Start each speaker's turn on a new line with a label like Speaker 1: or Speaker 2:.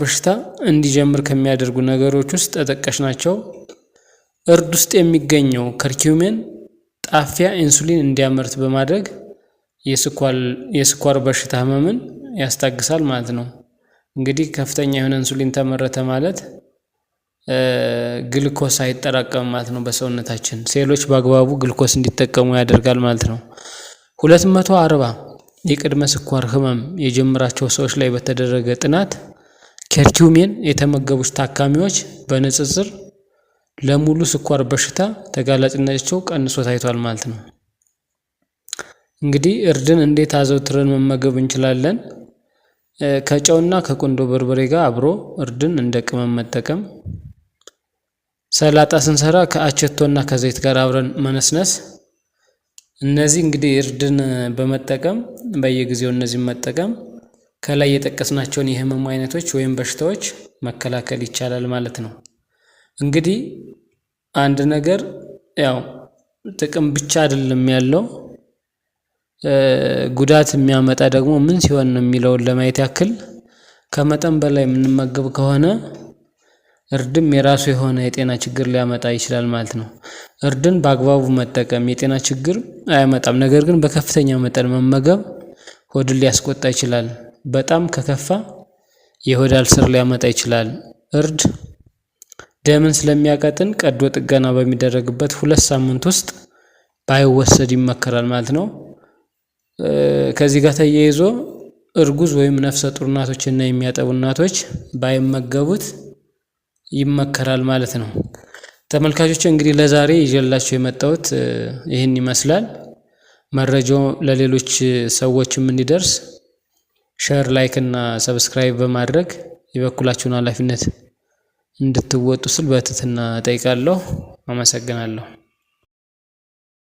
Speaker 1: በሽታ እንዲጀምር ከሚያደርጉ ነገሮች ውስጥ ተጠቃሽ ናቸው። እርድ ውስጥ የሚገኘው ከርኪዩሜን ጣፊያ ኢንሱሊን እንዲያመርት በማድረግ የስኳር በሽታ ህመምን ያስታግሳል ማለት ነው። እንግዲህ ከፍተኛ የሆነ ኢንሱሊን ተመረተ ማለት ግልኮስ አይጠራቀም ማለት ነው። በሰውነታችን ሴሎች በአግባቡ ግልኮስ እንዲጠቀሙ ያደርጋል ማለት ነው። ሁለት መቶ አርባ የቅድመ ስኳር ህመም የጀመራቸው ሰዎች ላይ በተደረገ ጥናት ኬርኪዩሜን የተመገቡች ታካሚዎች በንጽጽር ለሙሉ ስኳር በሽታ ተጋላጭነታቸው ቀንሶ ታይቷል ማለት ነው። እንግዲህ እርድን እንዴት አዘውትረን መመገብ እንችላለን? ከጨውና ከቁንዶ በርበሬ ጋር አብሮ እርድን እንደ ቅመም መጠቀም፣ ሰላጣ ስንሰራ ከአቸቶና ከዘይት ጋር አብረን መነስነስ። እነዚህ እንግዲህ እርድን በመጠቀም በየጊዜው እነዚህን መጠቀም ከላይ የጠቀስናቸውን የህመሙ አይነቶች ወይም በሽታዎች መከላከል ይቻላል ማለት ነው። እንግዲህ አንድ ነገር ያው ጥቅም ብቻ አይደለም ያለው ጉዳት የሚያመጣ ደግሞ ምን ሲሆን ነው የሚለውን ለማየት ያክል ከመጠን በላይ የምንመገብ ከሆነ እርድም የራሱ የሆነ የጤና ችግር ሊያመጣ ይችላል ማለት ነው። እርድን በአግባቡ መጠቀም የጤና ችግር አያመጣም። ነገር ግን በከፍተኛ መጠን መመገብ ሆድን ሊያስቆጣ ይችላል። በጣም ከከፋ የሆድ ስር ሊያመጣ ይችላል። እርድ ደምን ስለሚያቀጥን ቀዶ ጥገና በሚደረግበት ሁለት ሳምንት ውስጥ ባይወሰድ ይመከራል ማለት ነው። ከዚህ ጋር ተያይዞ እርጉዝ ወይም ነፍሰ ጡር እና የሚያጠቡ እናቶች ባይመገቡት ይመከራል ማለት ነው። ተመልካቾች እንግዲህ ለዛሬ ይዤላቸው የመጣሁት ይህን ይመስላል። መረጃው ለሌሎች ሰዎችም እንዲደርስ ሸር፣ ላይክ እና ሰብስክራይብ በማድረግ የበኩላችሁን ኃላፊነት እንድትወጡ ስል በትህትና እጠይቃለሁ። አመሰግናለሁ።